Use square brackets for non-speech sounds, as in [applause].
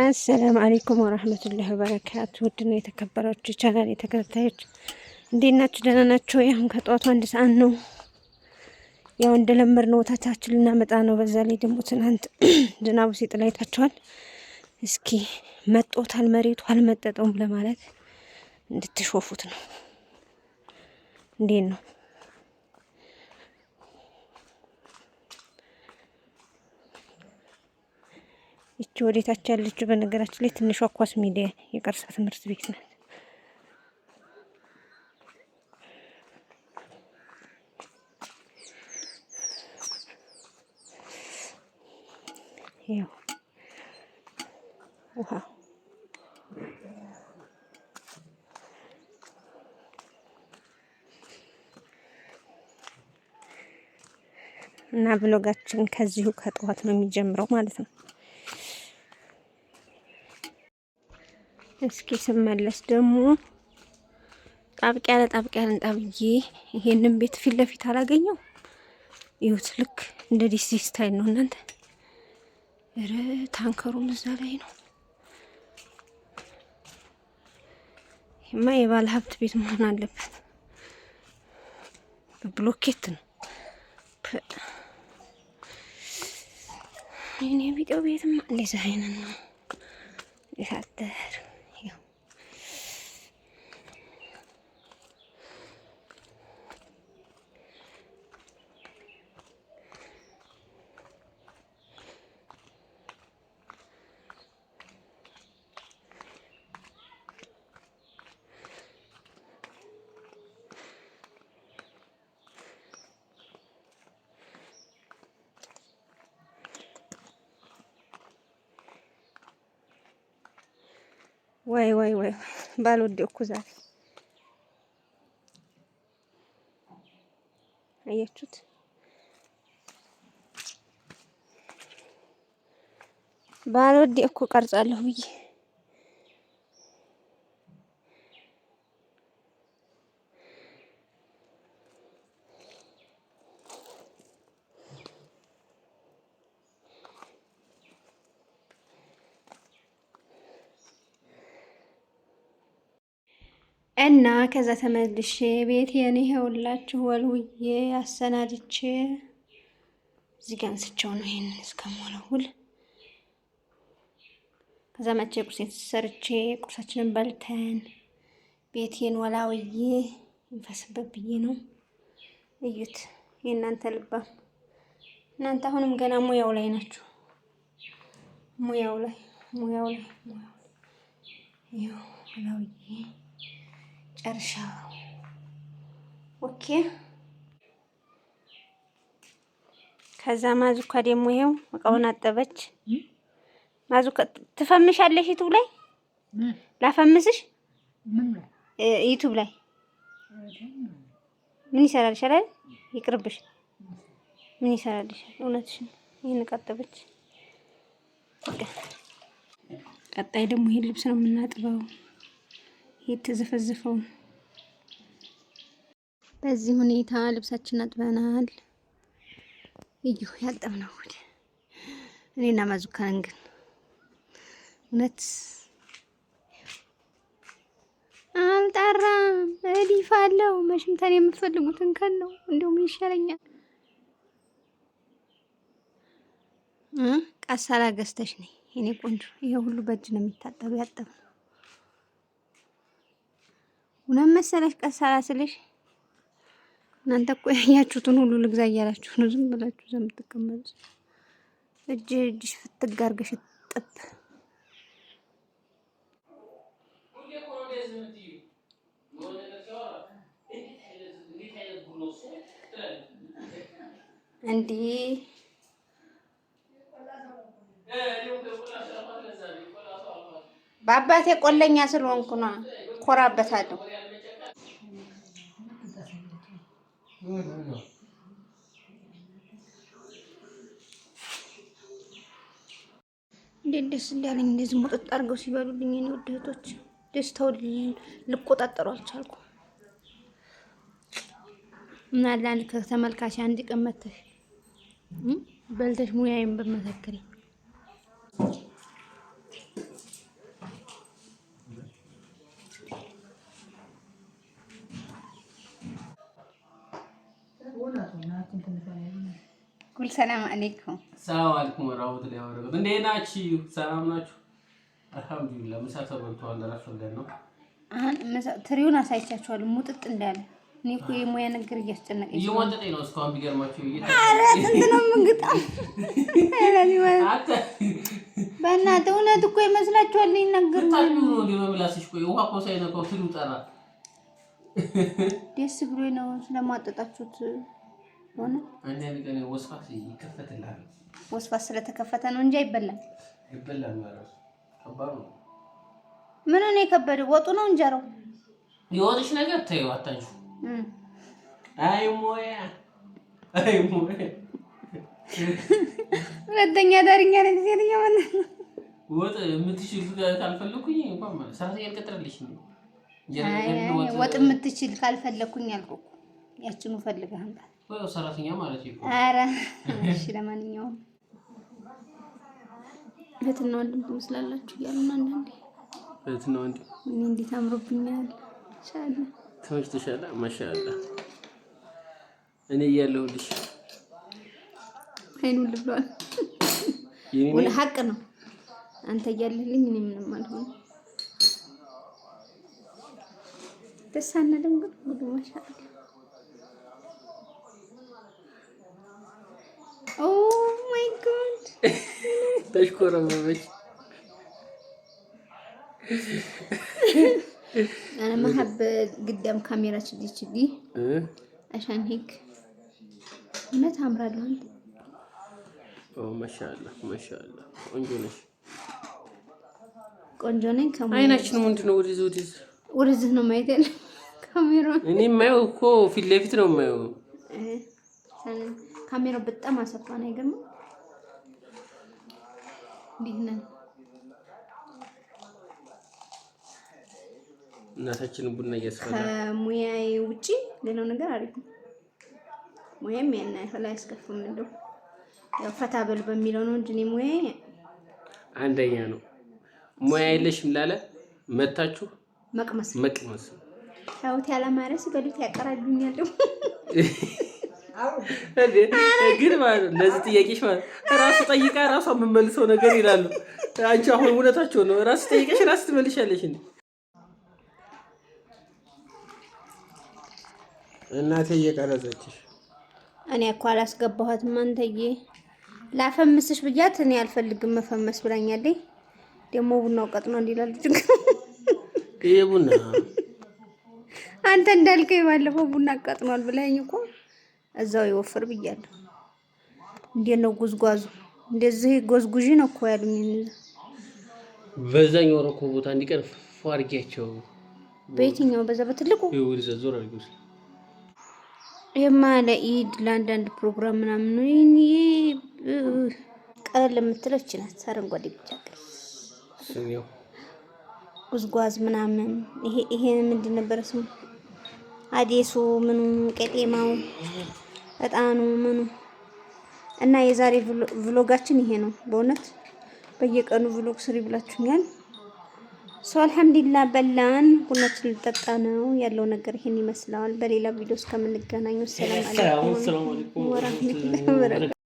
አሰላም አሌይኩም ወረህመቱላህ ወበረካቱ። ውድና የተከበራችሁ ይቻላል የተከታታዮች እንዴት ናችሁ? ደህና ናቸው። አሁን ከጠዋቱ አንድ ሰዓት ነው። ያው እንደለመድ ነው ወተታችን ልናመጣ ነው። በዛ ላይ ደግሞ ትናንት [clears throat] ዝናቡ ሲጥል አይታችኋል። እስኪ መጦታል መሬቱ አልመጠጠውም ለማለት እንድትሾፉት ነው። እንዴት ነው ይቺ ወዴታች ያለችው በነገራችን ላይ ትንሿ ኳስ ሚዲያ የቀርሳ ትምህርት ቤት ናት። እና ብሎጋችን ከዚሁ ከጠዋት ነው የሚጀምረው ማለት ነው። እስኪ ስመለስ ደግሞ ጣብቅ ያለ ጣብቅ ያለን ጣብዬ ይሄንን ቤት ፊት ለፊት አላገኘው። ይሁት ልክ እንደ ዲሲ ስታይል ነው እናንተ። ኧረ ታንከሩም እዛ ላይ ነው። ይሄማ የባለ ሀብት ቤት መሆን አለበት። ብሎኬት ነው። ይኔ ቢቀው ቤትማ እንደዛ አይነት ነው ይሳደር ወይ ወይ ወይ ባልወደኩ ዛሬ አያችሁት። ባልወደኩ ቀርጻለሁ ብዬ እና ከዛ ተመልሼ ቤት የኔ ይኸውላችሁ ወልውዬ አሰናድቼ እዚህ ጋ አንስቼው ነው ይሄንን እስከሞላውል። ከዛ መቼ ቁርሴን ሰርቼ ቁርሳችንን በልተን ቤቴን ወላውዬ እንፈስበት ብዬ ነው። እዩት የእናንተ ልባም እናንተ አሁንም ገና ሙያው ላይ ናችሁ። ሙያው ላይ ሙያው ላይ ሙያው ላይ ያው ወላውዬ ጨርሻለሁ። ኦኬ። ከዛ ማዙካ ደግሞ ይሄው እቃውን አጠበች። ማዙካ ትፈምሻለሽ? ዩቱብ ላይ ላፈምስሽ። ዩቱብ ላይ ምን ይሰራልሻል? አይደል? ይቅርብሽ። ምን ይሰራልሻል? እውነትሽን። ይሄን እቃ ቀጣይ ደግሞ ይሄን ልብስ ነው የምናጥበው። የተዘፈዘፈውን። በዚህ ሁኔታ ልብሳችን አጥበናል። እዩ ያጠብነው ወደ እኔና ማዙካን ግን እውነት አልጠራም። እዲፍ አለው መሽምተን የምትፈልጉትን ከን ነው እንዲሁም ይሻለኛል። ቃሳላ ገዝተሽ ነይ የኔ ቆንጆ። ይሄ ሁሉ በእጅ ነው የሚታጠበው ያጠብነው እውነት መሰለሽ ቀሳላ ስልሽ እናንተ እኮ ያያችሁትን ሁሉ ልግዛ እያላችሁ ነው ዝም ብላችሁ የምትቀመጡ። እጅ እጅሽ ፍትግ አድርገሽ ጥብ እንዲህ በአባቴ ቆለኛ ስለሆንኩ ነው። እኮራበታለሁ። እንዴት ደስ እንዳለኝ እንደዚህ ሙጥጥ አድርገው ሲበሉልኝ የኔ ውድ እህቶች፣ ደስታውን ልቆጣጠሩ አልቻልኩ። እና ከተመልካች አንድ ቀን መተሽ በልተሽ ሙያዬን በመሰክሬ ጉል ሰላም አለይኩም ሰላም አለይኩም ወራህመቱላሂ ወበረካቱ። እንዴት ናችሁ? ሰላም ናችሁ? አልሐምዱሊላህ። ምሳ ተበልቷል። አላፈለን ነው አሁን ምሳ ትሪውን አሳይቻችኋል። ሙጥጥ እንዳለ እኔ እኮ የሙያ ነገር እያስጨነቀኝ እየወጠጠኝ ነው። እስካሁን ቢገርማችሁ ኧረ ስንት ነው የምንግጣው? [laughs] በእናትህ እውነት እኮ ይመስላችኋል። ይናገር ምላስሽ ቆይ ውሃ እኮ ሳይነካው ትሪው ጠራ። ደስ ብሎ ነው ስለማጠጣችሁት ሆነ አንዳንድ ቀን ወስፋት ወስፋት ስለተከፈተ ነው እንጂ አይበላም። ይበላል ማለት ከባድ ነው። ምን ነው የከበደ ወጡ ነው እንጀራው። የወጥሽ ነገር ተይው፣ አታንሹ። አይ ሞያ አይ ሞያ ሁለተኛ ዳርኛ ነው ጊዜ ነው ወጥ የምትችል ካልፈለኩኝ እንኳን ማለት ሰዓት ያልቀጥረልሽ ነው። ወጥ የምትችል ካልፈለኩኝ አልኩ ያችኑ ፈልገህ ሰራተኛ ማለት ነው። ኧረ እሺ፣ ለማንኛውም እህትና ወንድም ትመስላላችሁ እያሉና አንዳንዴ እህትና ወንድም እኔ እንዴት አምሮብኛል። ሻለ ማሻአላ እኔ እያለሁልሽ አይኑን ልብሏል። ሀቅ ነው። አንተ እያለህልኝ እኔ ምንም አልሆነ ደስ ግን ሁሉ ማሻአላ Oh ተሽኮረመመች። አነ መሀብ ግዳም ካሜራ ችዲ ችዲ አሻን ሄክ እውነት አምራለሁ። ማሻአላ ማሻአላ፣ ቆንጆ ነሽ፣ ቆንጆ ነኝ። አይናችን ምንድን ነው? ወደዚህ ወደዚህ ወደዚህ ነው ማየት ያለ ካሜራ። እኔ የማየው እኮ ፊት ለፊት ነው የማየው ካሜራው በጣም አሰፋ ነው። አይገርም? እንዴት ነን? እናታችን ቡና እያስፈላ ከሙያዬ ውጪ ሌላው ነገር አሪፍ ነው። ሙያም ያን ያህል አያስከፍም። እንደው ያው ፈታ በል በሚለው ነው እንጂ እኔ ሙያዬ አንደኛ ነው። ሙያ የለሽም ላለ መታችሁ መቅመስ መቅመስ ታውት ያላማረስ በሉት ያቀራጁኛል። [laughs] ግን ማለት ነው ለዚህ ጥያቄሽ ማለት ራሱ ጠይቃ ራሷ የምመልሰው ነገር ይላሉ። አንቺ አሁን እውነታቸው ነው። ራስ ጠይቀሽ ራስ ትመልሻለሽ። እናቴ እየቀረጸችሽ እኔ እኮ አላስገባኋትም። አንተዬ ላፈምስሽ ብያት እኔ አልፈልግም መፈመስ ብላኛለኝ። ደግሞ ቡናው ቀጥኖ እንዲላሉ ይህ ቡና አንተ እንዳልከኝ ባለፈው ቡና ቀጥኗል ብለኸኝ እኮ እዛው ይወፍር ብያለሁ። እንዴት ነው ጉዝጓዙ? እንደዚህ ጎዝጉዢ ነው እኮ ያሉኝ። በዛኛው ረኮ ቦታ እንዲቀር አድርጊያቸው። በየትኛው? በዛ በትልቁ የማለ ኢድ ለአንዳንድ ፕሮግራም ምናምን ቀለል የምትለው ይችላል። ናት። አረንጓዴ ብቻ ጉዝጓዝ ምናምን ይሄ ይሄ ምንድን ነበረ ስሙ? አዴሱ ምኑ ቄጤማው እጣኑ ምኑ እና የዛሬ ቭሎጋችን ይሄ ነው። በእውነት በየቀኑ ቭሎግ ስሪ ብላችሁኛል። ሰው አልሐምዱሊላ በላን፣ ቡናችን ልጠጣ ነው ያለው ነገር ይሄን ይመስላል። በሌላ ቪዲዮ እስከምንገናኙ ሰላም አለይኩም ወራህመቱላሂ ወበረካቱ።